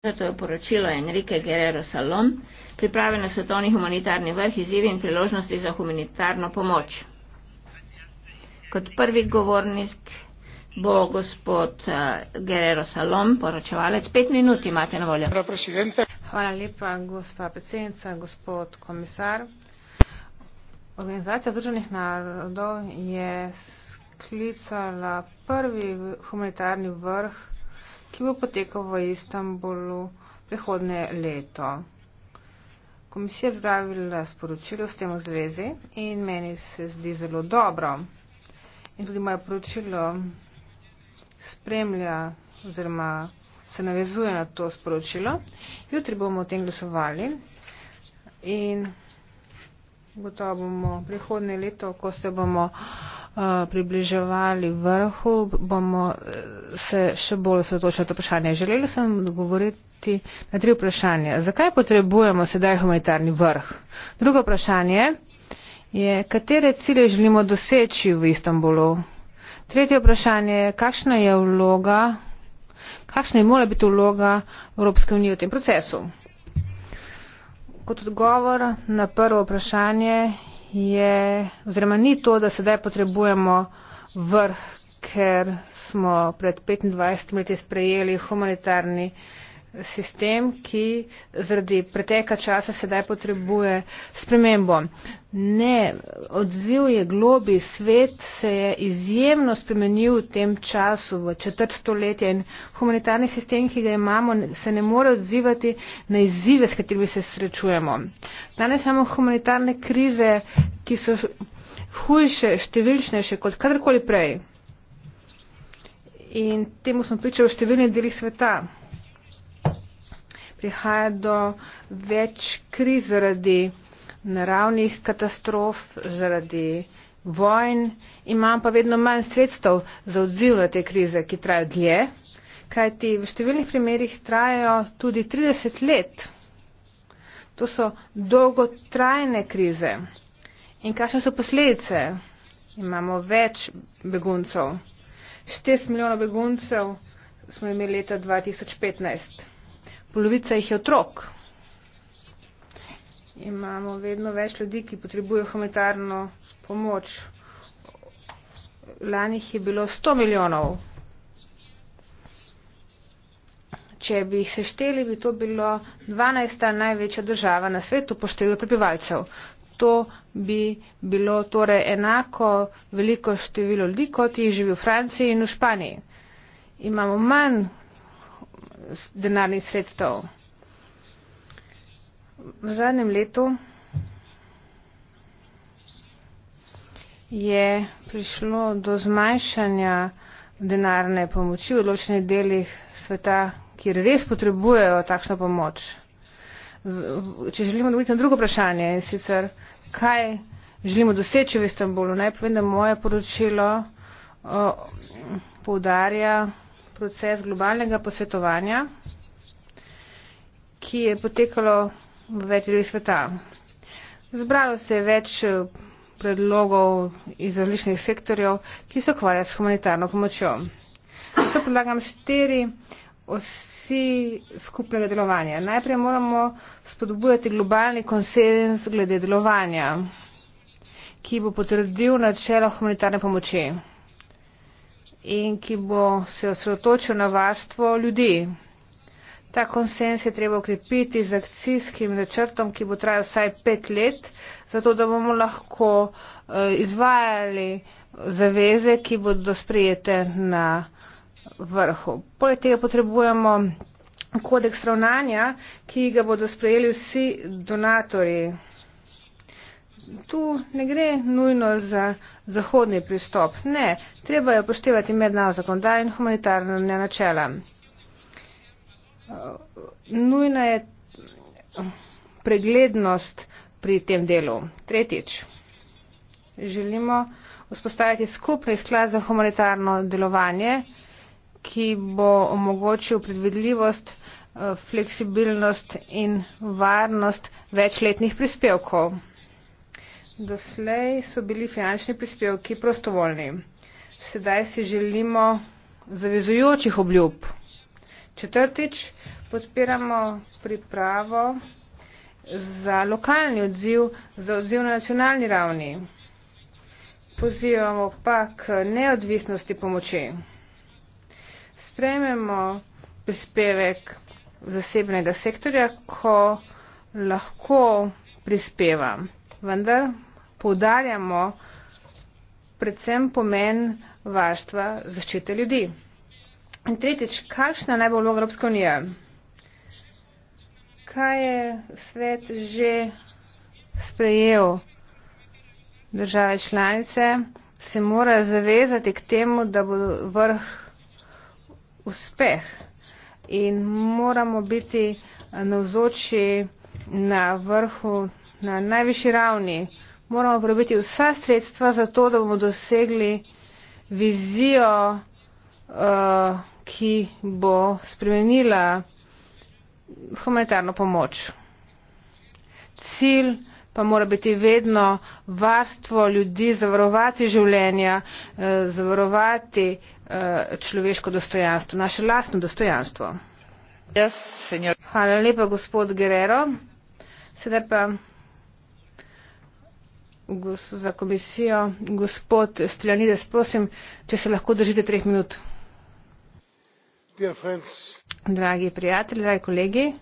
To je poročilo Enrique Guerrero Salom, pripravljeno svetovni humanitarni vrh, izzivi in priložnosti za humanitarno pomoč. Kot prvi govornik bo gospod eh, Guerrero Salom, poročevalec. Pet minut imate na voljo. Hvala lepa, gospa predsednica, gospod komisar. Organizacija Združenih narodov je sklicala prvi humanitarni vrh ki bo potekal v Istanbulu prihodne leto. Komisija je pripravila sporočilo s tem v zvezi in meni se zdi zelo dobro. In tudi moje poročilo spremlja oziroma se navezuje na to sporočilo. Jutri bomo o tem glasovali in gotovo bomo prihodne leto, ko se bomo. Eh, približevali vrhu, bomo eh, se še bolj osvetočili to vprašanje. Želeli sem odgovoriti na tri vprašanja. Zakaj potrebujemo sedaj humanitarni vrh? Drugo vprašanje je, katere cilje želimo doseči v Istanbulu? Tretje vprašanje je, kakšna je vloga, kakšna je mora biti vloga Evropske unije v tem procesu? Kot odgovor na prvo vprašanje je, oziroma ni to, da sedaj potrebujemo vrh, ker smo pred 25 leti sprejeli humanitarni sistem, ki zaradi preteka časa sedaj potrebuje spremembo. Ne, odziv je globi, svet se je izjemno spremenil v tem času, v četrt stoletja in humanitarni sistem, ki ga imamo, se ne more odzivati na izzive, s katerimi se srečujemo. Danes imamo humanitarne krize, ki so hujše, številčnejše kot kadarkoli prej. In temu smo pričali v številnih delih sveta prihaja do več kriz zaradi naravnih katastrof, zaradi vojn. Imam pa vedno manj sredstev za odziv na te krize, ki trajajo dlje, kajti v številnih primerjih trajajo tudi 30 let. To so dolgotrajne krize. In kakšne so posledice? Imamo več beguncev. 6 milijonov beguncev smo imeli leta 2015 polovica jih je otrok. Imamo vedno več ljudi, ki potrebujejo humanitarno pomoč. Lani jih je bilo 100 milijonov. Če bi jih sešteli, bi to bilo 12. največja država na svetu po številu prebivalcev. To bi bilo torej enako veliko število ljudi, kot jih živi v Franciji in v Španiji. Imamo manj denarnih sredstev. V zadnjem letu je prišlo do zmanjšanja denarne pomoči v ločenih delih sveta, kjer res potrebujejo takšno pomoč. Če želimo dobiti na drugo vprašanje, in sicer kaj želimo doseči v Istanbulu, naj povem, da moje poročilo poudarja proces globalnega posvetovanja, ki je potekalo v več delih sveta. Zbralo se je več eh, predlogov iz različnih sektorjev, ki se ukvarjajo s humanitarno pomočjo. Zato predlagam štiri osi skupnega delovanja. Najprej moramo spodbujati globalni konsens glede delovanja, ki bo potrdil načelo humanitarne pomoči in ki bo se osredotočil na varstvo ljudi. Ta konsens je treba ukrepiti z akcijskim načrtom, ki bo trajal vsaj pet let, zato da bomo lahko eh, izvajali zaveze, ki bodo sprijete na vrhu. Poleg tega potrebujemo kodeks ravnanja, ki ga bodo sprejeli vsi donatori tu ne gre nujno za zahodni pristop. Ne, treba je upoštevati mednarodno zakonodajo in humanitarno načela. Nujna je preglednost pri tem delu. Tretjič, želimo vzpostaviti skupni sklad za humanitarno delovanje, ki bo omogočil predvidljivost, eh, fleksibilnost in varnost večletnih prispevkov. Doslej so bili finančni prispevki prostovoljni. Sedaj si želimo zavezujočih obljub. Četrtič, podpiramo pripravo za lokalni odziv, za odziv na nacionalni ravni. Pozivamo pa k neodvisnosti pomoči. Sprememo prispevek zasebnega sektorja, ko lahko prispeva. Vendar poudarjamo predvsem pomen varstva zaščite ljudi. In tretjič, kakšna naj bo vloga Evropske unije? Kaj je svet že sprejel? Države članice se morajo zavezati k temu, da bo vrh uspeh in moramo biti navzoči na vrhu, na najvišji ravni moramo porabiti vsa sredstva za to, da bomo dosegli vizijo, uh, ki bo spremenila humanitarno pomoč. Cilj pa mora biti vedno varstvo ljudi, zavarovati življenja, uh, zavarovati uh, človeško dostojanstvo, naše lastno dostojanstvo. Yes, Hvala lepa, gospod Guerrero. Sedaj pa za komisijo. Gospod Stiljanides, prosim, če se lahko držite treh minut. Dragi prijatelji, dragi kolegi,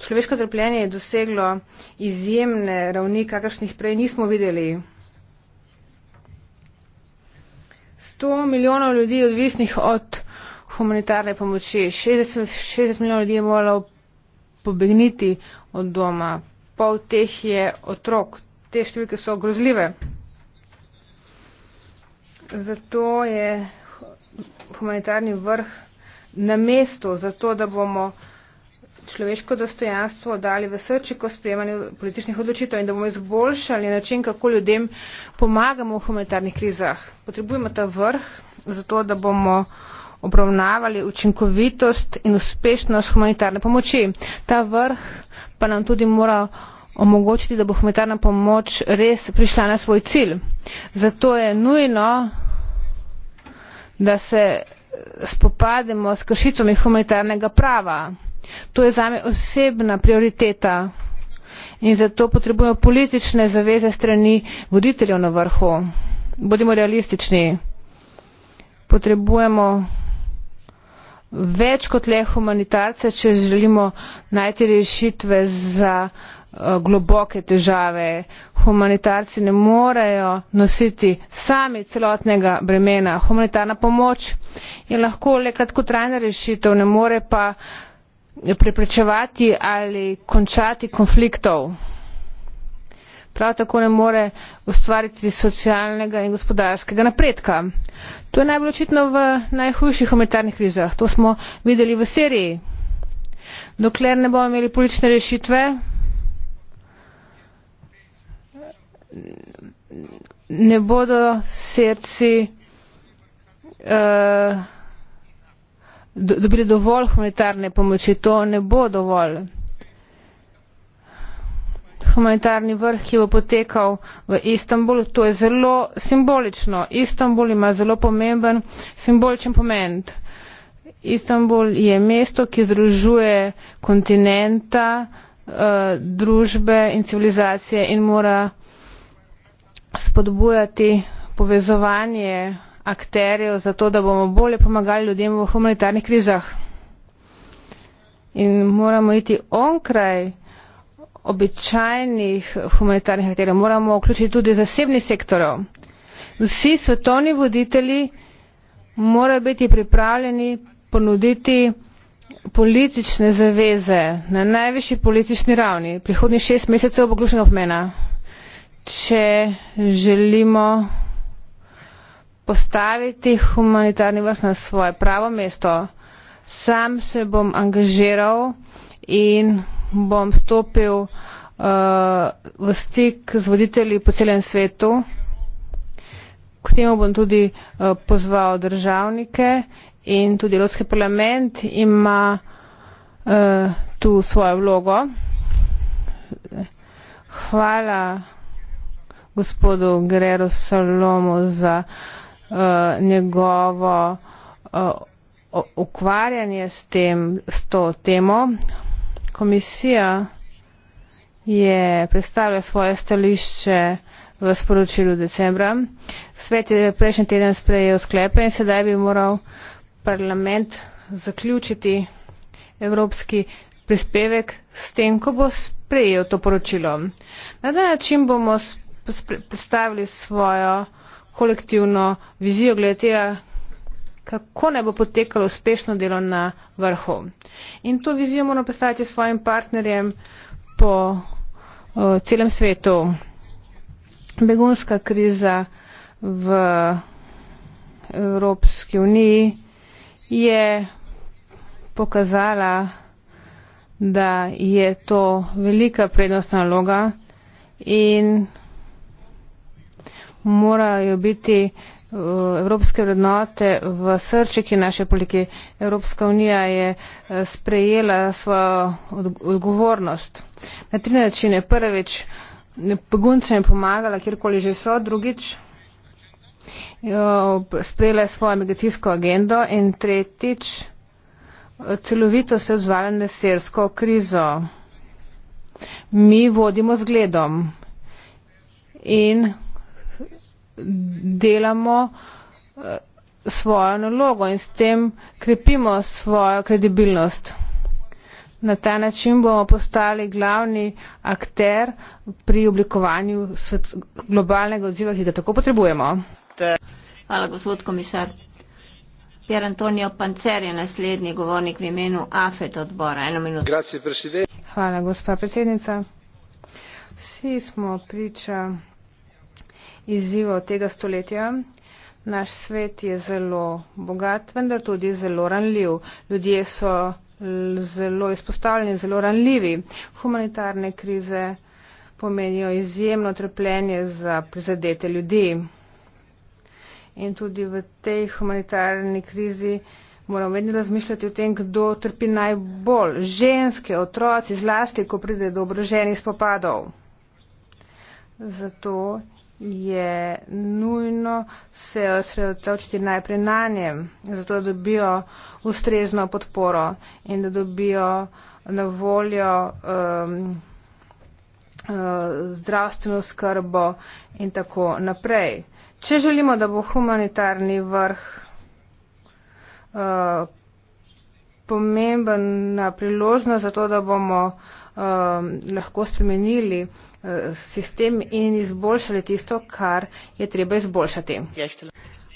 človeško trpljenje je doseglo izjemne ravni, kakršnih prej nismo videli. 100 milijonov ljudi je odvisnih od humanitarne pomoči, 60, 60 milijonov ljudi je moralo pobegniti od doma, pol teh je otrok, te številke so grozljive. Zato je humanitarni vrh na mestu, zato da bomo človeško dostojanstvo dali v srči, ko sprejemanje političnih odločitev in da bomo izboljšali način, kako ljudem pomagamo v humanitarnih krizah. Potrebujemo ta vrh, zato da bomo obravnavali učinkovitost in uspešnost humanitarne pomoči. Ta vrh pa nam tudi mora omogočiti da bo humanitarna pomoč res prišla na svoj cilj zato je nujno da se spopademo s kršitvami humanitarnega prava to je zame osebna prioriteta in zato potrebujemo politične zaveze strani voditeljev na vrhu bodimo realistični potrebujemo več kot le humanitarce če želimo najti rešitve za Eh, globoke težave. Humanitarci ne morejo nositi sami celotnega bremena. Humanitarna pomoč je lahko le kratkotrajna rešitev, ne more pa preprečevati ali končati konfliktov. Prav tako ne more ustvariti socialnega in gospodarskega napredka. To je najbolj očitno v najhujših humanitarnih krizah. To smo videli v Siriji. Dokler ne bomo imeli politične rešitve, ne bodo srci uh, eh, dobili dovolj humanitarne pomoči. To ne bo dovolj. Humanitarni vrh, ki bo potekal v Istanbul, to je zelo simbolično. Istanbul ima zelo pomemben simboličen pomen. Istanbul je mesto, ki združuje kontinenta, eh, družbe in civilizacije in mora spodbujati povezovanje akterjev zato, da bomo bolje pomagali ljudem v humanitarnih krizah. In moramo iti onkraj običajnih humanitarnih akterjev, moramo vključiti tudi zasebni sektorov. Vsi svetovni voditelji morajo biti pripravljeni ponuditi politične zaveze na najvišji politični ravni. Prihodnih šest mesecev bo ključnega pomena če želimo postaviti humanitarni vrh na svoje pravo mesto. Sam se bom angažiral in bom stopil uh, v stik z voditelji po celem svetu. K temu bom tudi uh, pozval državnike in tudi Evropski parlament ima uh, tu svojo vlogo. Hvala gospodu Greru Salomu za uh, njegovo uh, ukvarjanje s, tem, s to temo. Komisija je predstavila svoje stališče v sporočilu decembra. Svet je prejšnji teden sprejel sklepe in sedaj bi moral parlament zaključiti evropski prispevek s tem, ko bo sprejel to poročilo. Na ta način bomo predstavili svojo kolektivno vizijo glede tega, kako ne bo potekalo uspešno delo na vrhu. In to vizijo moramo predstaviti svojim partnerjem po uh, celem svetu. Begunska kriza v Evropski uniji je pokazala, da je to velika prednostna naloga in morajo biti uh, evropske vrednote v srčiki naše politike. Evropska unija je uh, sprejela svojo odgovornost na tri načine. Prvič, beguncem je pomagala, kjerkoli že so, drugič, sprejela je svojo migracijsko agendo in tretjič, celovito se odzvala na sersko krizo. Mi vodimo zgledom in delamo eh, svojo nalogo in s tem krepimo svojo kredibilnost. Na ta način bomo postali glavni akter pri oblikovanju svet, globalnega odziva, ki ga tako potrebujemo. Hvala, gospod komisar. Pier Antonio Pancer je naslednji govornik v imenu AFET odbora. Eno minuto. Hvala, gospa predsednica. Vsi smo priča izzivov tega stoletja. Naš svet je zelo bogat, vendar tudi zelo ranljiv. Ljudje so zelo izpostavljeni, zelo ranljivi. Humanitarne krize pomenijo izjemno trpljenje za prizadete ljudi. In tudi v tej humanitarni krizi moramo vedno razmišljati o tem, kdo trpi najbolj. Ženske, otroci, zlasti, ko pride do obroženih spopadov. Zato je nujno se osredotočiti najprej na nje, zato da dobijo ustrezno podporo in da dobijo na voljo um, uh, zdravstveno skrbo in tako naprej. Če želimo, da bo humanitarni vrh uh, pomemben priložnost za to, da bomo uh, um, lahko spremenili uh, sistem in izboljšali tisto, kar je treba izboljšati.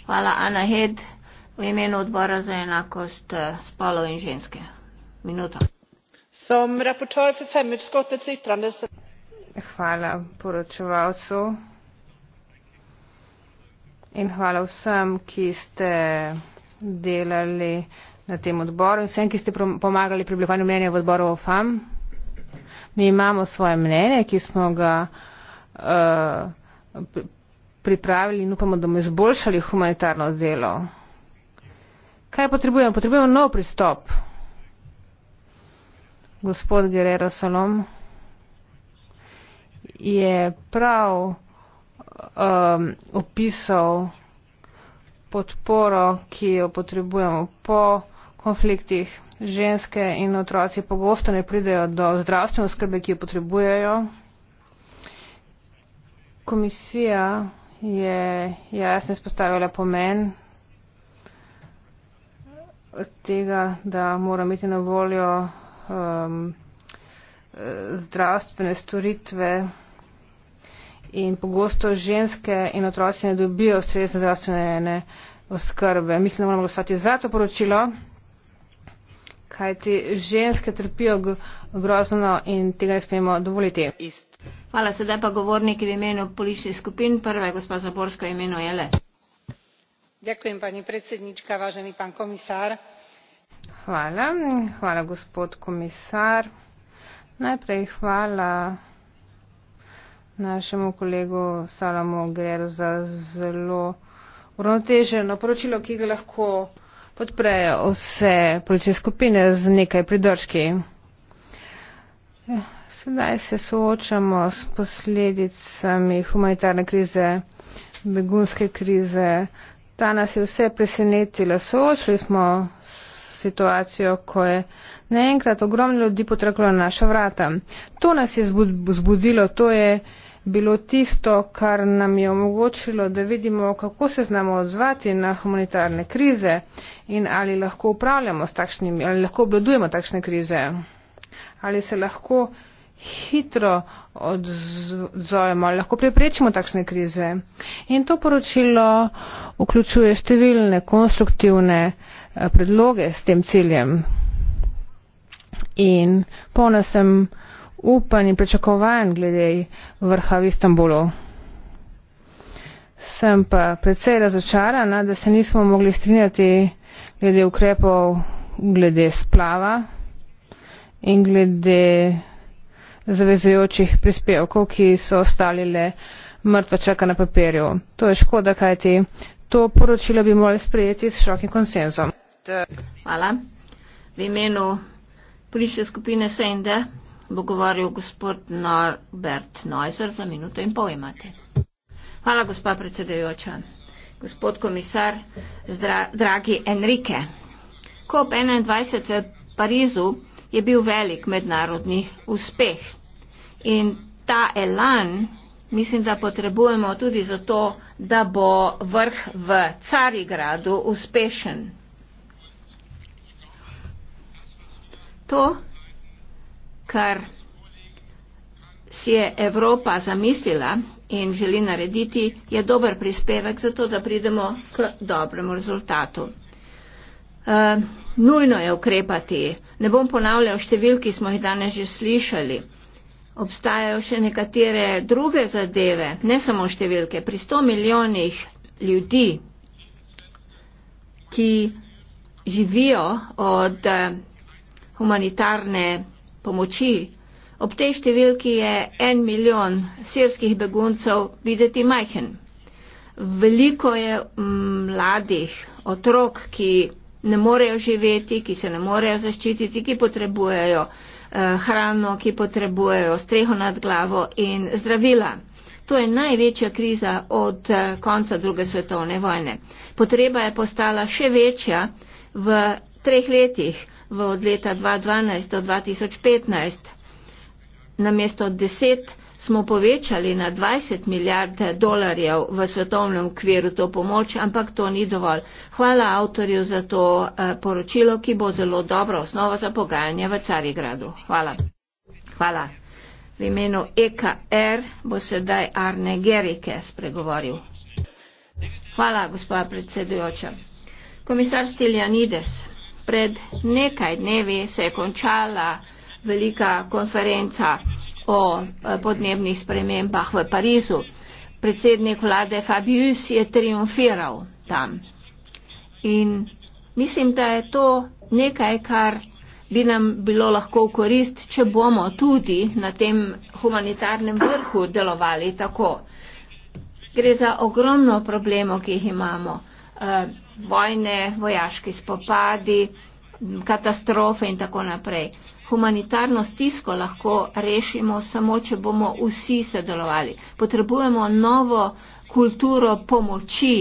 Hvala, Ana Hed, v imenu odbora za enakost eh, spolov in ženske. Minuta. Hvala poročevalcu in hvala vsem, ki ste delali na tem odboru in vsem, ki ste pomagali pri oblikovanju mnenja v odboru OFAM. Mi imamo svoje mnenje, ki smo ga uh, pripravili in upamo, da bomo izboljšali humanitarno delo. Kaj potrebujemo? Potrebujemo nov pristop. Gospod Guerrero Salom je prav um, opisal podporo, ki jo potrebujemo po konfliktih ženske in otroci pogosto ne pridejo do zdravstvene oskrbe, ki jo potrebujejo. Komisija je jasno izpostavila pomen tega, da mora imeti na voljo um, zdravstvene storitve in pogosto ženske in otroci ne dobijo ustrezne zdravstvene oskrbe. Mislim, da moramo glasovati za to poročilo kajti ženske trpijo grozno in tega ne smemo dovoliti. Hvala, sedaj pa govornik v imenu političnih skupin. Prva je gospa Zaborska, imenu je Les. Ďakujem, pani predsednička, vážený pán komisár. Hvala, hvala, gospod komisár. Najprej hvala našemu kolegu Salamu Greru za zelo uravnoteženo poročilo, ki ga lahko podprejo vse policijske skupine z nekaj pridržki. Ja, sedaj se soočamo s posledicami humanitarne krize, begunske krize. Ta nas je vse presenetila. Soočili smo situacijo, ko je naenkrat ogromno ljudi potrklo na naša vrata. To nas je zbudilo, to je bilo tisto, kar nam je omogočilo, da vidimo, kako se znamo odzvati na humanitarne krize in ali lahko upravljamo s takšnimi, ali lahko obladujemo takšne krize, ali se lahko hitro odzovemo, ali lahko preprečimo takšne krize. In to poročilo vključuje številne konstruktivne eh, predloge s tem ciljem. In polna sem upanj in pričakovanj glede vrha v Istanbulu. Sem pa predvsej razočarana, da se nismo mogli strinjati glede ukrepov, glede splava in glede zavezujočih prispevkov, ki so ostali le mrtva čaka na papirju. To je škoda, kajti to poročilo bi morali sprejeti s širokim konsenzom. Hvala. V imenu politične skupine SND bo govoril gospod Norbert Neuser za minuto in pol imate. Hvala, gospa predsedujoča. Gospod komisar, zdra, dragi Enrique. COP21 v Parizu je bil velik mednarodni uspeh in ta elan mislim, da potrebujemo tudi zato, da bo vrh v Carigradu uspešen. To kar si je Evropa zamislila in želi narediti, je dober prispevek za to, da pridemo k dobremu rezultatu. Uh, nujno je ukrepati. Ne bom ponavljal številk, ki smo jih danes že slišali. Obstajajo še nekatere druge zadeve, ne samo številke. Pri 100 milijonih ljudi, ki živijo od eh, humanitarne pomoči. Ob tej številki je en milijon sirskih beguncev videti majhen. Veliko je mm, mladih otrok, ki ne morejo živeti, ki se ne morejo zaščititi, ki potrebujejo eh, hrano, ki potrebujejo streho nad glavo in zdravila. To je največja kriza od eh, konca druge svetovne vojne. Potreba je postala še večja v treh letih v od leta 2012 do 2015. Namesto 10 smo povečali na 20 milijard dolarjev v svetovnem okviru to pomoč, ampak to ni dovolj. Hvala avtorju za to eh, poročilo, ki bo zelo dobra osnova za pogajanje v Carigradu. Hvala. Hvala. V imenu EKR bo sedaj Arne Gerike spregovoril. Hvala, gospoda predsedujoča. Komisar Stiljanides pred nekaj dnevi se je končala velika konferenca o eh, podnebnih spremembah v Parizu. Predsednik vlade Fabius je triumfiral tam. In mislim, da je to nekaj, kar bi nam bilo lahko v korist, če bomo tudi na tem humanitarnem vrhu delovali tako. Gre za ogromno problemov, ki jih imamo. Uh, vojne, vojaški spopadi, katastrofe in tako naprej. Humanitarno stisko lahko rešimo samo, če bomo vsi sodelovali. Potrebujemo novo kulturo pomoči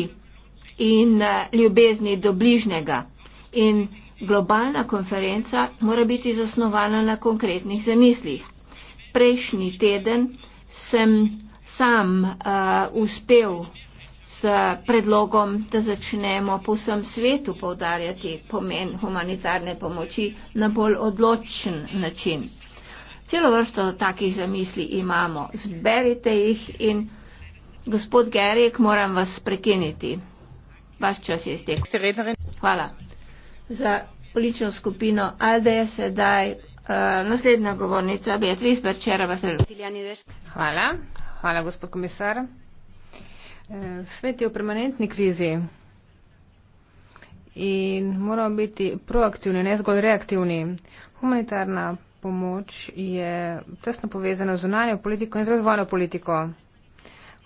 in eh, ljubezni do bližnjega. In globalna konferenca mora biti zasnovana na konkretnih zamislih. Prejšnji teden sem sam uh, uspel s predlogom, da začnemo po vsem svetu povdarjati pomen humanitarne pomoči na bolj odločen način. Celo vrsto takih zamisli imamo. Zberite jih in gospod Gerik, moram vas prekiniti. Vaš čas je iztekl. Hvala. Za politično skupino ALDE je sedaj uh, naslednja govornica Beatrice Berčera. Hvala. Hvala, gospod komisar. Eh, svet je v permanentni krizi in moramo biti proaktivni, ne zgolj reaktivni. Humanitarna pomoč je tesno povezana z zunanjo politiko in z razvojno politiko.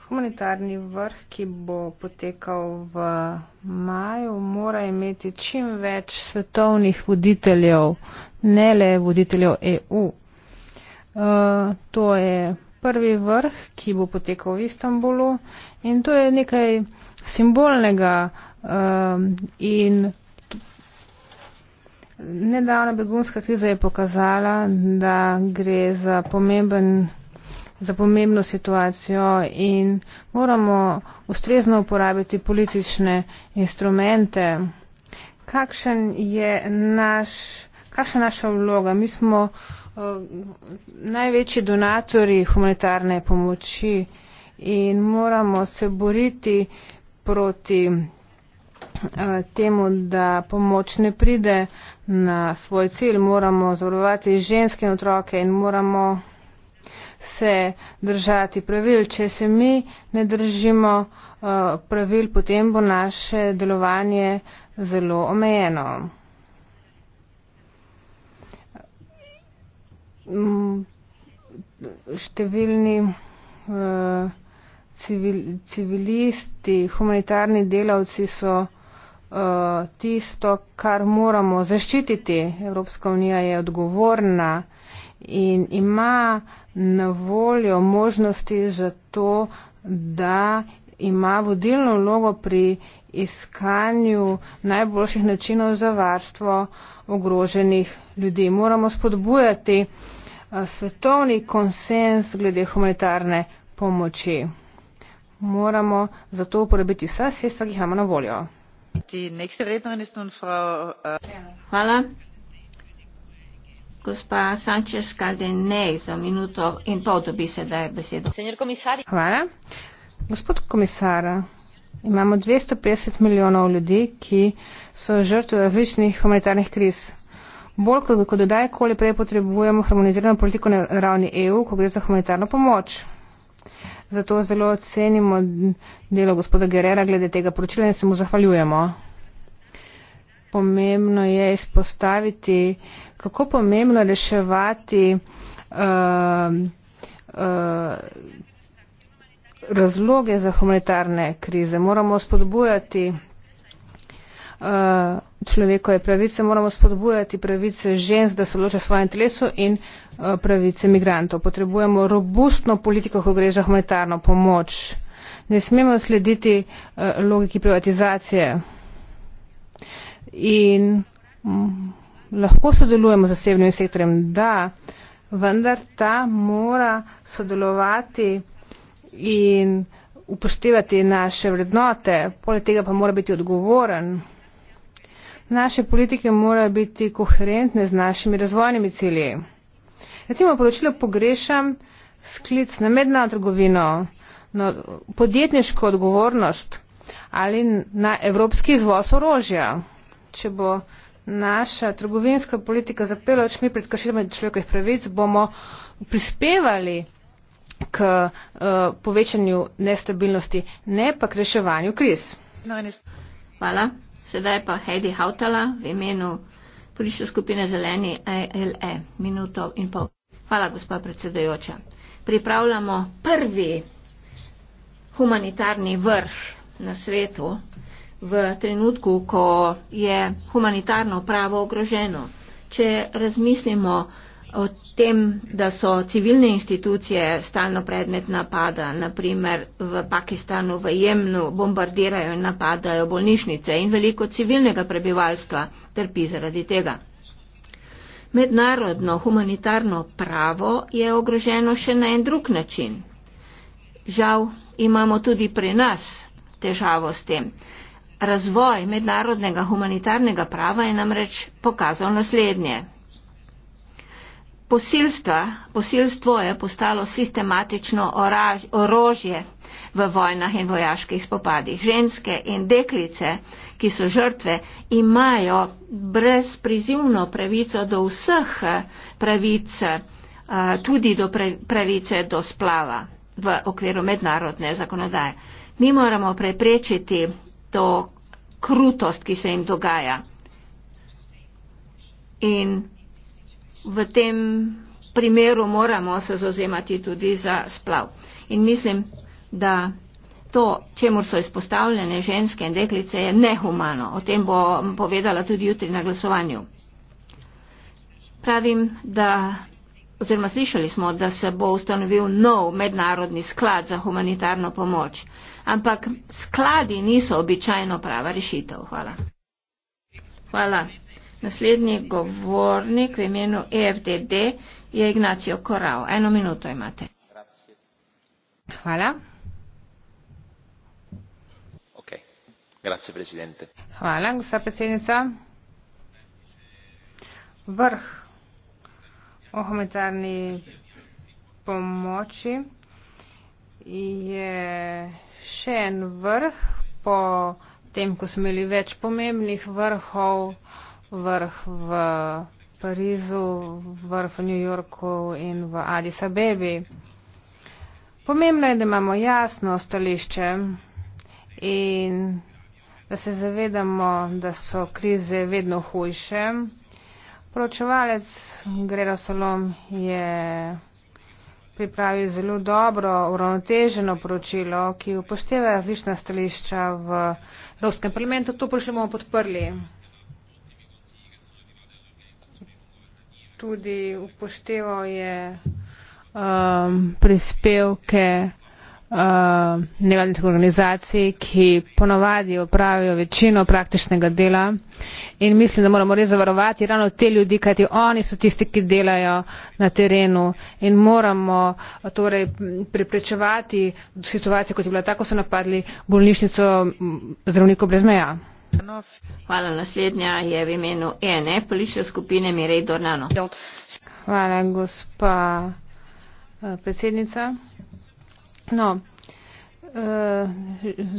Humanitarni vrh, ki bo potekal v maju, mora imeti čim več svetovnih voditeljev, ne le voditeljev EU. Uh, eh, to je prvi vrh, ki bo potekal v Istanbulu in to je nekaj simbolnega um, in nedavna begunska kriza je pokazala, da gre za, pomemben, za pomembno situacijo in moramo ustrezno uporabiti politične instrumente. Kakšen je naš, kakšna naša vloga? Mi smo Eh, največji donatori humanitarne pomoči in moramo se boriti proti eh, temu, da pomoč ne pride na svoj cilj. Moramo zavarovati ženske in otroke in moramo se držati pravil. Če se mi ne držimo eh, pravil, potem bo naše delovanje zelo omejeno. Mm, številni eh, civil, civilisti, humanitarni delavci so eh, tisto, kar moramo zaščititi. Evropska unija je odgovorna in ima na voljo možnosti za to, da ima vodilno vlogo pri iskanju najboljših načinov za varstvo ogroženih ljudi. Moramo spodbujati eh, svetovni konsens glede humanitarne pomoči. Moramo zato uporabiti vsa sredstva, ki jih imamo na voljo. Äh, Hvala. Gospa Sančeska, da ne za minuto in pol dobi sedaj besedo. Hvala. Gospod komisar, imamo 250 milijonov ljudi, ki so žrtve različnih humanitarnih kriz. Bolj kot ko dodaj, koli prej potrebujemo harmonizirano politiko na ravni EU, ko gre za humanitarno pomoč. Zato zelo cenimo delo gospoda Gerera glede tega poročila in se mu zahvaljujemo. Pomembno je izpostaviti, kako pomembno reševati uh, uh, razloge za humanitarne krize, moramo spodbujati eh, človekove pravice, moramo spodbujati pravice žensk, da se odloča v svojem telesu in eh, pravice migrantov. Potrebujemo robustno politiko, ko gre za humanitarno pomoč. Ne smemo slediti eh, logiki privatizacije in mm, lahko sodelujemo z zasebnim sektorjem, da, vendar ta mora sodelovati in upoštevati naše vrednote, poleg tega pa mora biti odgovoren. Naše politike morajo biti koherentne z našimi razvojnimi cilji. Recimo, poročilo pogrešam sklic na mednarodno trgovino, na podjetniško odgovornost ali na evropski izvoz orožja. Če bo naša trgovinska politika zapela očmi pred kršitvami človekovih pravic, bomo prispevali k uh, povečanju nestabilnosti, ne pa k reševanju kriz. Hvala. Sedaj pa Heidi Hautala v imenu Prišče skupine Zeleni ALE. Minuto in pol. Hvala, gospa predsedajoča. Pripravljamo prvi humanitarni vrh na svetu v trenutku, ko je humanitarno pravo ogroženo. Če razmislimo, o tem, da so civilne institucije stalno predmet napada, naprimer v Pakistanu, v Jemnu bombardirajo in napadajo bolnišnice in veliko civilnega prebivalstva trpi zaradi tega. Mednarodno humanitarno pravo je ogroženo še na en drug način. Žal imamo tudi pri nas težavo s tem. Razvoj mednarodnega humanitarnega prava je namreč pokazal naslednje posilstva, posilstvo je postalo sistematično oraž, orožje v vojnah in vojaških spopadih. Ženske in deklice, ki so žrtve, imajo brezprizivno pravico do vseh pravic, eh, tudi do pravice do splava v okviru mednarodne zakonodaje. Mi moramo preprečiti to krutost, ki se jim dogaja. In v tem primeru moramo se zauzemati tudi za splav. In mislim, da to, čemu so izpostavljene ženske in deklice, je nehumano. O tem bom povedala tudi jutri na glasovanju. Pravim, da, oziroma slišali smo, da se bo ustanovil nov mednarodni sklad za humanitarno pomoč. Ampak skladi niso običajno prava rešitev. Hvala. Hvala. Naslednji govornik v imenu EFDD je Ignacio Korao. Eno minuto imate. Hvala. Hvala, gospa predsednica. Vrh o humanitarni pomoči je še en vrh po tem, ko smo imeli več pomembnih vrhov vrh v Parizu, vrh v New Yorku in v Addis Abebi. Pomembno je, da imamo jasno stališče in da se zavedamo, da so krize vedno hujše. Poročevalec Grero Salom je pripravil zelo dobro uravnoteženo poročilo, ki upošteva različna stališča v Evropskem parlamentu. To poročilo bomo podprli. tudi upošteval je um, prispevke uh, nevladnih organizacij, ki ponovadi opravijo večino praktičnega dela in mislim, da moramo res zavarovati ravno te ljudi, kajti oni so tisti, ki delajo na terenu in moramo torej preprečevati situacije, kot je bila tako, so napadli bolnišnico zdravnikov brez meja. Hvala. Naslednja je v imenu ENF, polične skupine Mirej Dornano. Hvala, gospa eh, predsednica. No, eh,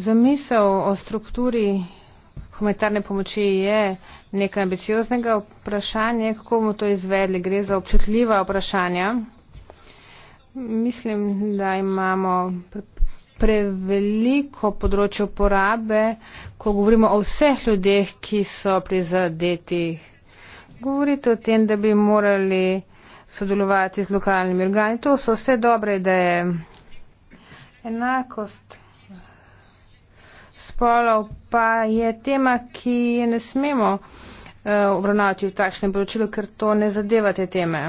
zamisel o strukturi humanitarne pomoči je nekaj ambicioznega vprašanja, kako bomo to izvedli. Gre za občutljiva vprašanja. Mislim, da imamo preveliko področje uporabe, ko govorimo o vseh ljudeh, ki so prizadeti. Govorite o tem, da bi morali sodelovati z lokalnimi organi. To so vse dobre ideje. Enakost spolov pa je tema, ki je ne smemo uh, obravnavati v takšnem poročilu, ker to ne zadeva te teme.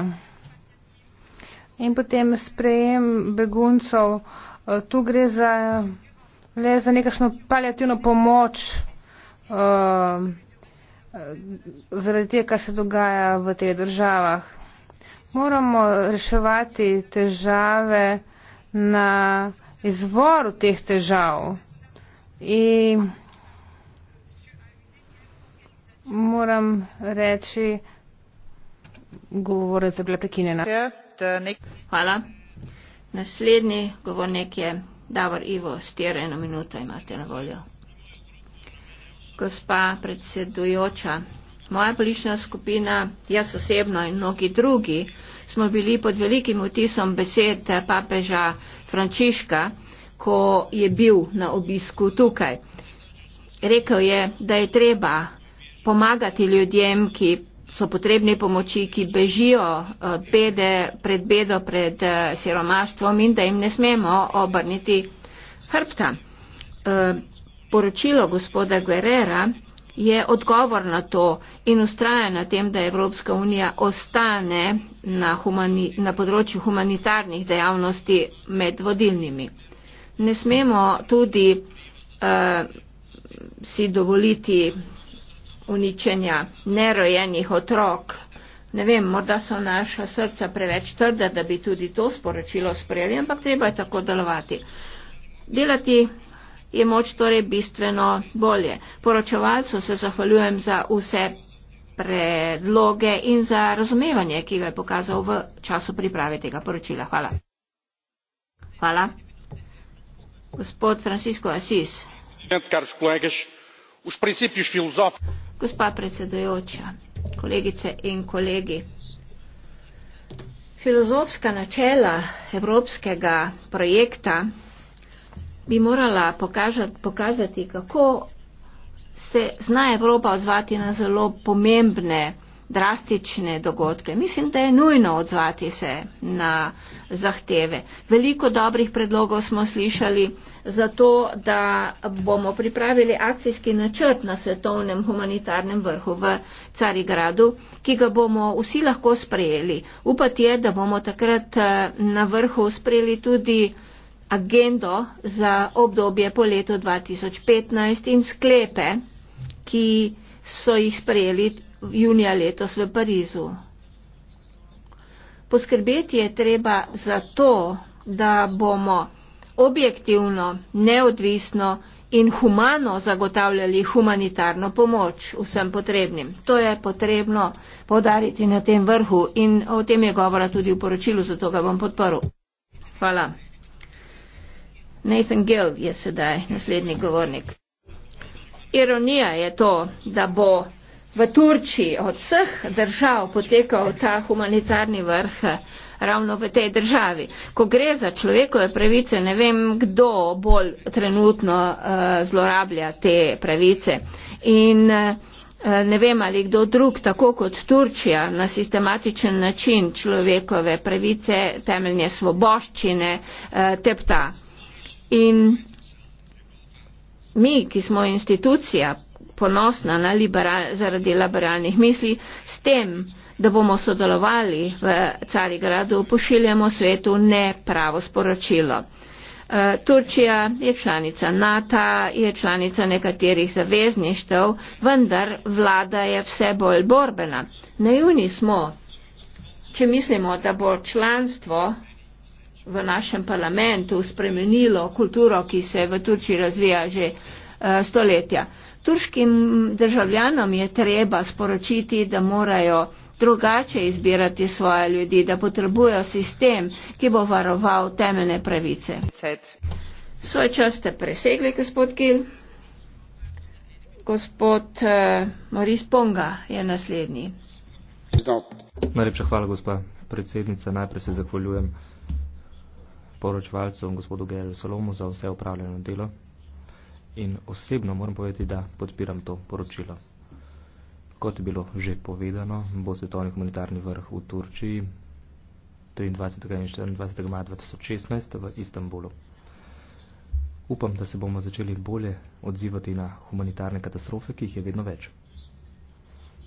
In potem sprejem beguncov uh, Eh, tu gre za, le za nekakšno paljativno pomoč eh, zaradi tega, kar se dogaja v teh državah. Moramo reševati težave na izvoru teh težav in moram reči, govorec je bila prekinjena. Hvala. Naslednji govornik je Davor Ivo Stir, eno minuto imate na voljo. Gospa predsedujoča, moja politična skupina, jaz osebno in mnogi drugi, smo bili pod velikim vtisom besed papeža Frančiška, ko je bil na obisku tukaj. Rekel je, da je treba pomagati ljudem, ki so potrebni pomoči, ki bežijo eh, bede, pred bedo, pred eh, siromaštvom in da jim ne smemo obrniti hrbta. Eh, poročilo gospoda Guerrera je odgovor na to in ustraja na tem, da Evropska unija ostane na, humani, na področju humanitarnih dejavnosti med vodilnimi. Ne smemo tudi uh, si dovoliti uničenja nerojenih otrok. Ne vem, morda so naša srca preveč trda, da bi tudi to sporočilo sprejeli, ampak treba je tako delovati. Delati je moč torej bistveno bolje. Poročevalcu se zahvaljujem za vse predloge in za razumevanje, ki ga je pokazal v času priprave tega poročila. Hvala. Hvala. Gospod Francisco Asis. Gospa predsedujoča, kolegice in kolegi, filozofska načela evropskega projekta bi morala pokazati, kako se zna Evropa odzvati na zelo pomembne drastične dogodke. Mislim, da je nujno odzvati se na zahteve. Veliko dobrih predlogov smo slišali za to, da bomo pripravili akcijski načrt na svetovnem humanitarnem vrhu v Carigradu, ki ga bomo vsi lahko sprejeli. Upati je, da bomo takrat eh, na vrhu sprejeli tudi agendo za obdobje po letu 2015 in sklepe, ki so jih sprejeli junija letos v Parizu. Poskrbeti je treba za to, da bomo objektivno, neodvisno in humano zagotavljali humanitarno pomoč vsem potrebnim. To je potrebno podariti na tem vrhu in o tem je govora tudi v poročilu, zato ga bom podporil. Hvala. Nathan Gill je sedaj naslednji govornik. Ironija je to, da bo v Turčiji od vseh držav potekal ta humanitarni vrh eh, ravno v tej državi. Ko gre za človekove pravice, ne vem, kdo bolj trenutno uh, zlorablja te pravice. In uh, ne vem, ali kdo drug, tako kot Turčija, na sistematičen način človekove pravice, temeljne svoboščine, uh, tepta. In mi, ki smo institucija, ponosna na liberal, zaradi liberalnih misli, s tem, da bomo sodelovali v Carigradu, pošiljamo svetu nepravo sporočilo. E, Turčija je članica NATO, je članica nekaterih zavezništev, vendar vlada je vse bolj borbena. Na juni smo, če mislimo, da bo članstvo v našem parlamentu spremenilo kulturo, ki se v Turčiji razvija že uh, stoletja. Uh, Turškim državljanom je treba sporočiti, da morajo drugače izbirati svoje ljudi, da potrebujo sistem, ki bo varoval temeljne pravice. Svoj čas ste presegli, gospod Kil. Gospod uh, eh, Moris Ponga je naslednji. Najlepša hvala, gospa predsednica. Najprej se zahvaljujem poročvalcu gospodu Gerju Salomu za vse upravljeno delo in osebno moram povedati, da podpiram to poročilo. Kot je bilo že povedano, bo svetovni humanitarni vrh v Turčiji 23. in 24. maja 2016 v Istanbulu. Upam, da se bomo začeli bolje odzivati na humanitarne katastrofe, ki jih je vedno več.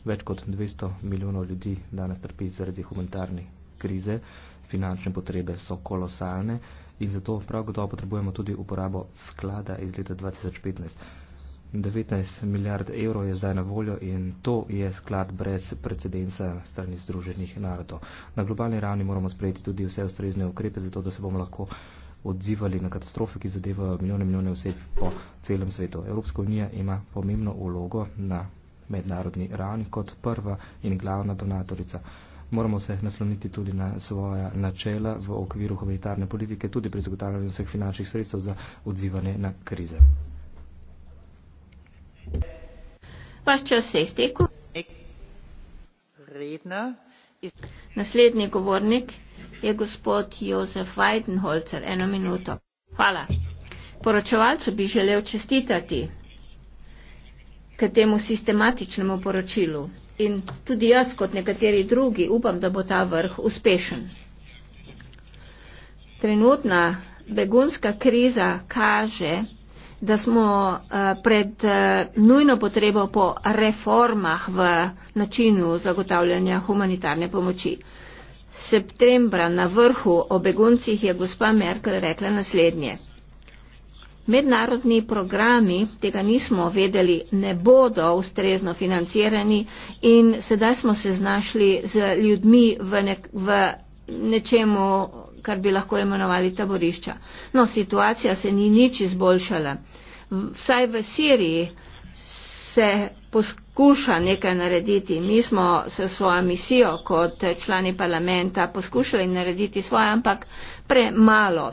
Več kot 200 milijonov ljudi danes trpi zaradi humanitarne krize, finančne potrebe so kolosalne, in zato prav gotovo potrebujemo tudi uporabo sklada iz leta 2015. 19 milijard evrov je zdaj na voljo in to je sklad brez precedensa strani Združenih narodov. Na globalni ravni moramo sprejeti tudi vse ustrezne ukrepe, zato da se bomo lahko odzivali na katastrofe, ki zadevajo milijone in milijone oseb po celem svetu. Evropska unija ima pomembno ulogo na mednarodni ravni kot prva in glavna donatorica moramo se nasloniti tudi na svoja načela v okviru humanitarne politike, tudi pri zagotavljanju vseh finančnih sredstev za odzivanje na krize. Vaš čas se je stekel. Naslednji govornik je gospod Jozef Weidenholzer. Eno minuto. Hvala. Poročevalcu bi želel čestitati k temu sistematičnemu poročilu in tudi jaz, kot nekateri drugi, upam, da bo ta vrh uspešen. Trenutna begunska kriza kaže, da smo eh, pred eh, nujno potrebo po reformah v načinu zagotavljanja humanitarne pomoči. Septembra na vrhu o beguncih je gospa Merkel rekla naslednje mednarodni programi, tega nismo vedeli, ne bodo ustrezno financirani in sedaj smo se znašli z ljudmi v, nek, v nečemu, kar bi lahko imenovali taborišča. No, situacija se ni nič izboljšala. Vsaj v Siriji se poskuša nekaj narediti. Mi smo se svojo misijo kot člani parlamenta poskušali narediti svoje, ampak premalo.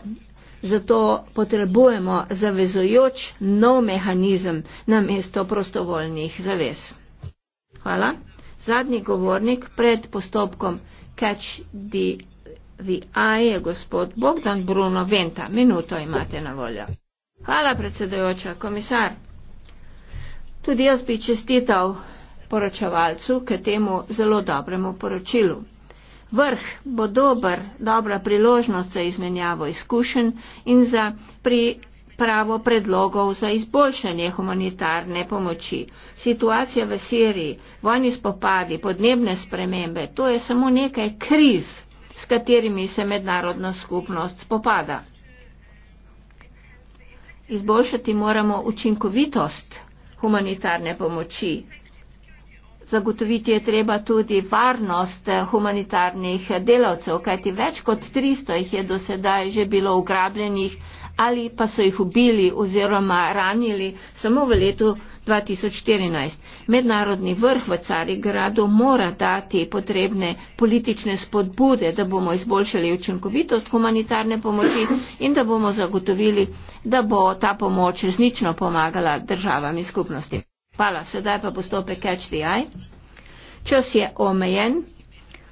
Zato potrebujemo zavezujoč nov mehanizem na mesto prostovoljnih zavez. Hvala. Zadnji govornik pred postopkom Catch the, the Eye je gospod Bogdan Bruno Venta. Minuto imate na voljo. Hvala, predsedojoča, komisar. Tudi jaz bi čestital poročevalcu k temu zelo dobremu poročilu. Vrh bo dober, dobra priložnost za izmenjavo izkušenj in za pravo predlogov za izboljšanje humanitarne pomoči. Situacija v Siriji, vojni spopadi, podnebne spremembe, to je samo nekaj kriz, s katerimi se mednarodna skupnost spopada. Izboljšati moramo učinkovitost humanitarne pomoči, Zagotoviti je treba tudi varnost eh, humanitarnih eh, delavcev, kajti več kot 300 jih je dosedaj že bilo ugrabljenih ali pa so jih ubili oziroma ranili samo v letu 2014. Mednarodni vrh v Carigradu mora dati potrebne politične spodbude, da bomo izboljšali učinkovitost humanitarne pomoči in da bomo zagotovili, da bo ta pomoč resnično pomagala državam in skupnostim. Hvala, sedaj pa postopek catch the eye. Čas je omejen.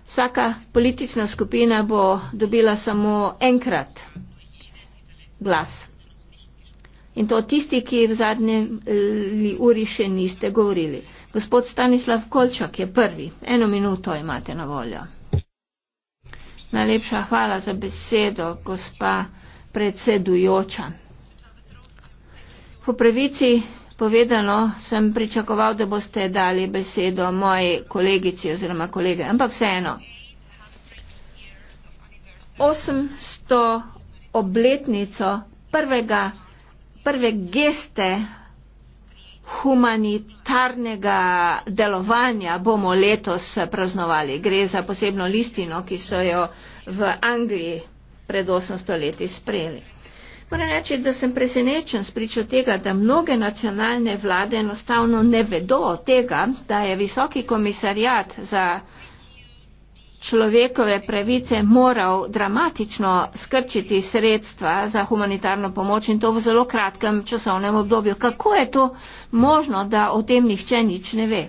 Vsaka politična skupina bo dobila samo enkrat glas. In to tisti, ki v zadnjem uri še niste govorili. Gospod Stanislav Kolčak je prvi. Eno minuto imate na voljo. Najlepša hvala za besedo, gospa predsedujoča. Po pravici povedano, sem pričakoval, da boste dali besedo moji kolegici oziroma kolege, ampak vseeno. 800 obletnico prvega, prve geste humanitarnega delovanja bomo letos praznovali. Gre za posebno listino, ki so jo v Angliji pred 800 leti sprejeli. Moram reči, da sem presenečen spričo tega, da mnoge nacionalne vlade enostavno ne vedo tega, da je visoki komisarjat za človekove pravice moral dramatično skrčiti sredstva za humanitarno pomoč in to v zelo kratkem časovnem obdobju. Kako je to možno, da o tem nihče nič ne ve?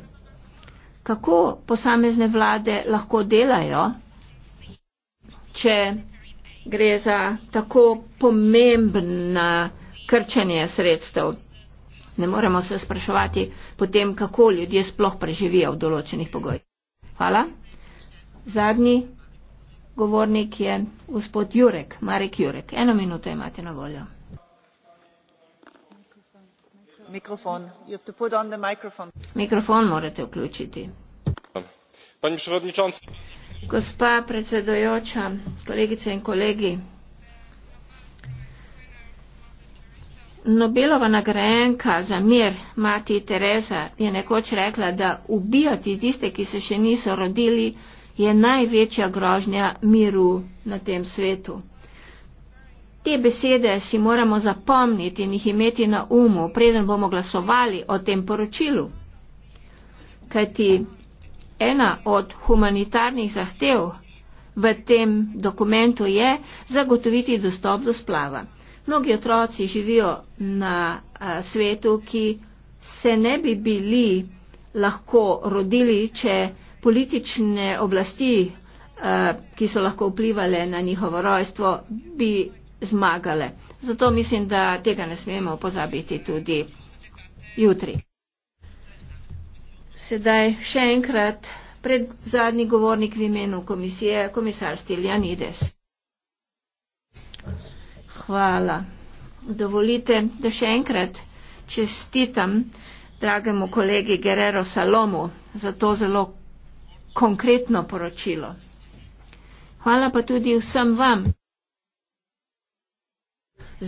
Kako posamezne vlade lahko delajo, če gre za tako pomembna krčenje sredstev. Ne moremo se spraševati potem, kako ljudje sploh preživijo v določenih pogojih. Hvala. Zadnji govornik je gospod Jurek, Marek Jurek. Eno minuto imate na voljo. Mikrofon. Mikrofon morate vključiti. Pani predsednica. Gospa predsedojoča, kolegice in kolegi, Nobelova nagrajenka za mir, mati Teresa, je nekoč rekla, da ubijati tiste, ki se še niso rodili, je največja grožnja miru na tem svetu. Te besede si moramo zapomniti in jih imeti na umu, preden bomo glasovali o tem poročilu. Kajti ena od humanitarnih zahtev v tem dokumentu je zagotoviti dostop do splava. Mnogi otroci živijo na a, svetu, ki se ne bi bili lahko rodili, če politične oblasti, a, ki so lahko vplivali na njihovo rojstvo, bi zmagale. Zato mislim, da tega ne smemo pozabiti tudi jutri. Sedaj še enkrat pred zadnji govornik v imenu komisije, komisar Stiljanides. Hvala. Dovolite, da še enkrat čestitam dragemu kolegi Gerero Salomu za to zelo konkretno poročilo. Hvala pa tudi vsem vam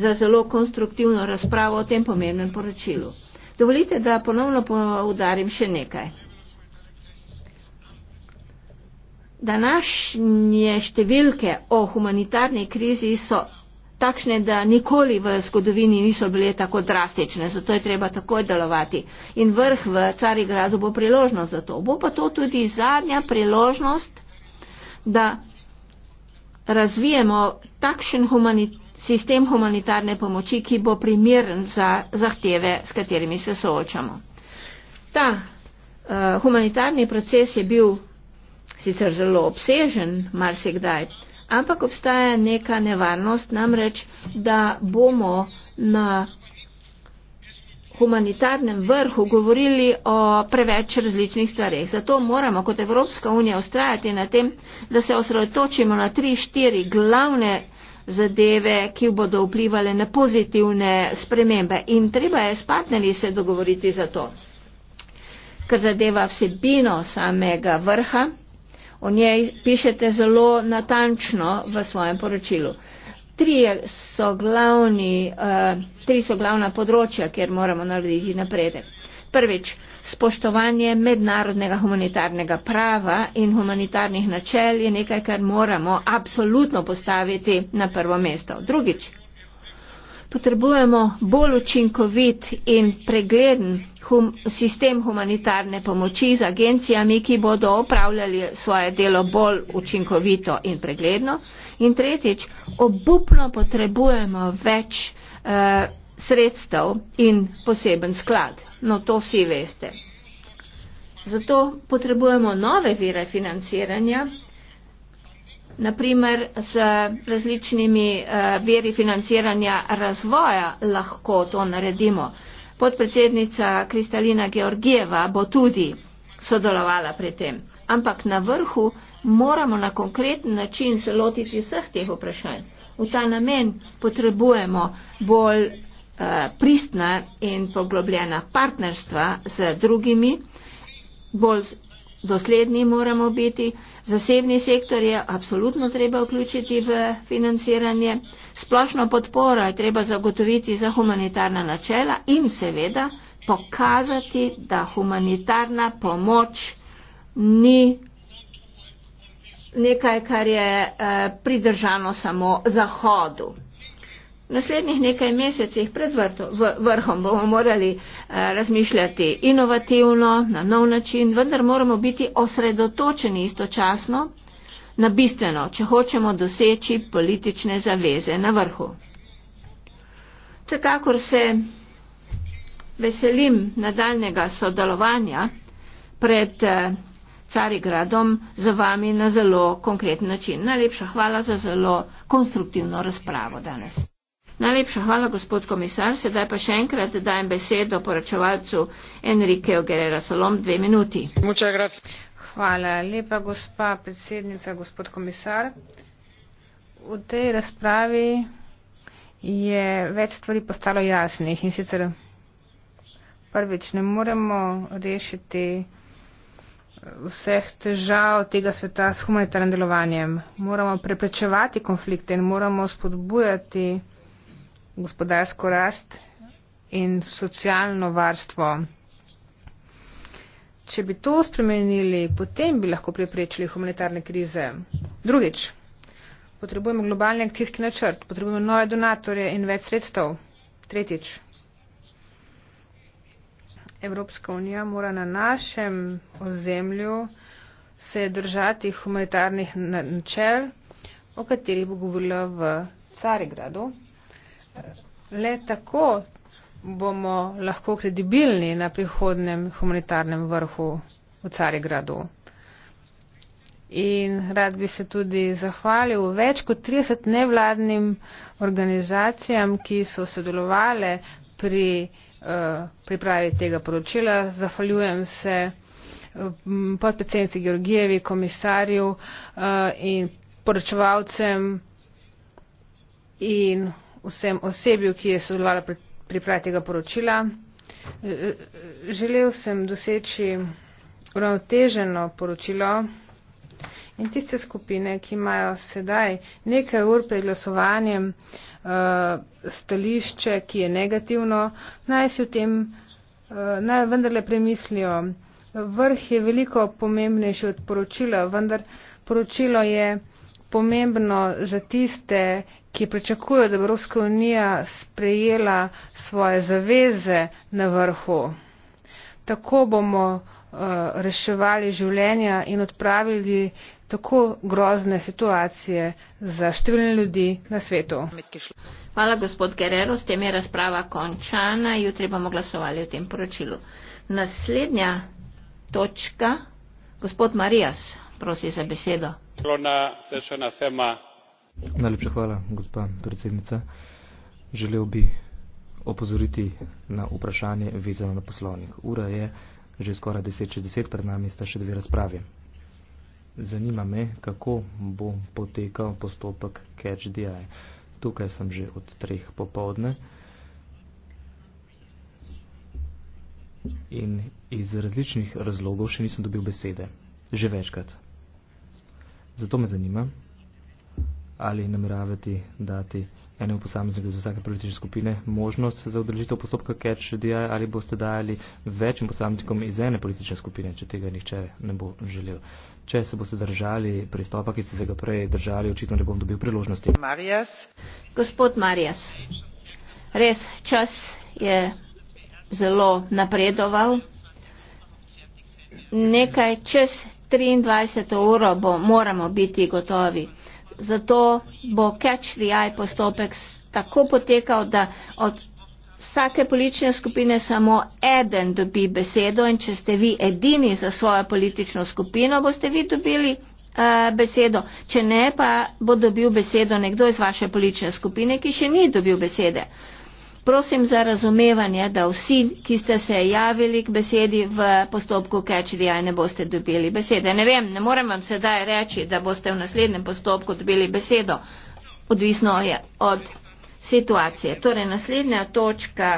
za zelo konstruktivno razpravo o tem pomembnem poročilu. Dovolite, da ponovno poudarim še nekaj. Današnje številke o humanitarni krizi so takšne, da nikoli v zgodovini niso bile tako drastične, zato je treba takoj delovati. In vrh v Carigradu bo priložnost za to. Bo pa to tudi zadnja priložnost, da razvijemo takšen humanitarni sistem humanitarne pomoči, ki bo primeren za zahteve, s katerimi se soočamo. Ta uh, humanitarni proces je bil sicer zelo obsežen, marsikdaj, ampak obstaja neka nevarnost namreč, da bomo na humanitarnem vrhu govorili o preveč različnih stvarih. Zato moramo kot Evropska unija ustrajati na tem, da se osredotočimo na tri, štiri glavne zadeve, ki bodo vplivali na pozitivne spremembe. In treba je s partnerji se dogovoriti za to. Kar zadeva vsebino samega vrha, o njej pišete zelo natančno v svojem poročilu. So glavni, uh, tri so glavna področja, kjer moramo narediti napredek. Prvič, Spoštovanje mednarodnega humanitarnega prava in humanitarnih načel je nekaj, kar moramo absolutno postaviti na prvo mesto. Drugič, potrebujemo bolj učinkovit in pregleden hum, sistem humanitarne pomoči z agencijami, ki bodo opravljali svoje delo bolj učinkovito in pregledno. In tretjič, obupno potrebujemo več. Uh, sredstev in poseben sklad. No, to vsi veste. Zato potrebujemo nove vire financiranja, naprimer z različnimi uh, viri financiranja razvoja lahko to naredimo. Podpredsednica Kristalina Georgijeva bo tudi sodelovala pri tem, ampak na vrhu moramo na konkreten način se lotiti vseh teh vprašanj. V ta namen potrebujemo bolj Eh, pristna in poglobljena partnerstva z drugimi, bolj dosledni moramo biti. Zasebni sektor je absolutno treba vključiti v financiranje. Splošno podporo je treba zagotoviti za humanitarna načela in seveda pokazati, da humanitarna pomoč ni nekaj, kar je eh, pridržano samo Zahodu. V naslednjih nekaj mesecih pred vrto, v, vrhom bomo morali a, eh, razmišljati inovativno, na nov način, vendar moramo biti osredotočeni istočasno na bistveno, če hočemo doseči politične zaveze na vrhu. Vsekakor se veselim nadaljnega sodelovanja pred eh, Carigradom z vami na zelo konkreten način. Najlepša hvala za zelo konstruktivno razpravo danes. Najlepša hvala, gospod komisar. Sedaj pa še enkrat dajem besedo poročevalcu Enrikeo Guerrero Salom. Dve minuti. Hvala lepa, gospa predsednica, gospod komisar. V tej razpravi je več stvari postalo jasnih in sicer prvič ne moremo rešiti vseh težav tega sveta s humanitarnim delovanjem. Moramo preprečevati konflikte in moramo spodbujati gospodarsko rast in socialno varstvo. Če bi to spremenili, potem bi lahko preprečili humanitarne krize. Drugič, potrebujemo globalni akcijski načrt, potrebujemo nove donatorje in več sredstev. Tretjič, Evropska unija mora na našem ozemlju se držati humanitarnih načel, o katerih bo govorila v Carigradu. Le tako bomo lahko kredibilni na prihodnem humanitarnem vrhu v Carigradu. In rad bi se tudi zahvalil več kot 30 nevladnim organizacijam, ki so sodelovali pri uh, pripravi tega poročila. Zahvaljujem se mm, podpredsednici Georgijevi, komisarju uh, in poročevalcem in vsem osebju, ki je sodelovala pri pripravi tega poročila. Eh, eh, želel sem doseči uravnoteženo poročilo in tiste skupine, ki imajo sedaj nekaj ur pred glasovanjem eh, stališče, ki je negativno, naj si v tem naj vendarle premislijo. Vrh je veliko pomembnejši od poročila, vendar poročilo je pomembno za tiste, ki pričakujejo, da bo Evropska unija sprejela svoje zaveze na vrhu. Tako bomo uh, reševali življenja in odpravili tako grozne situacije za številne ljudi na svetu. Hvala, gospod Guerrero. S tem je razprava končana. Jutri bomo glasovali o tem poročilu. Naslednja točka, gospod Marijas. Najlepša hvala, gospa predsednica. Želel bi opozoriti na vprašanje vezano na poslovnik. Ura je že skoraj 10.60, pred nami sta še dve razprave. Zanima me, kako bo potekal postopek Catch DI. Tukaj sem že od treh popovdne. In iz različnih razlogov še nisem dobil besede. Že večkrat. Zato me zanima, ali nameravati dati enemu posamezniku iz vsake politične skupine možnost za udeležitev postopka catch-di ali boste dajali večjim posameznikom iz ene politične skupine, če tega nihče ne bo želel. Če se boste držali pristopa, ki ste se ga prej držali, očitno ne bom dobil priložnosti. Marijas. Gospod Marijas, res čas je zelo napredoval. Nekaj čez 23. uro bo, moramo biti gotovi. Zato bo catch the eye postopek tako potekal, da od vsake politične skupine samo eden dobi besedo in če ste vi edini za svojo politično skupino, boste vi dobili uh, besedo. Če ne, pa bo dobil besedo nekdo iz vaše politične skupine, ki še ni dobil besede. Uh, Prosim za razumevanje, da vsi, ki ste se javili k besedi v postopku Catch the Eye, ne boste dobili besede. Ne vem, ne morem vam sedaj reči, da boste v naslednjem postopku dobili besedo. Odvisno je od situacije. Torej, naslednja točka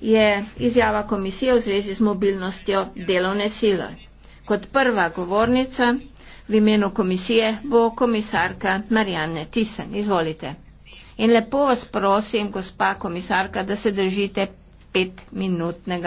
je izjava komisije v zvezi z mobilnostjo delovne sile. Kot prva govornica v imenu komisije bo komisarka Marianne Tisen. Izvolite. In lepo vas prosim, gospa komisarka, da se držite petminutnega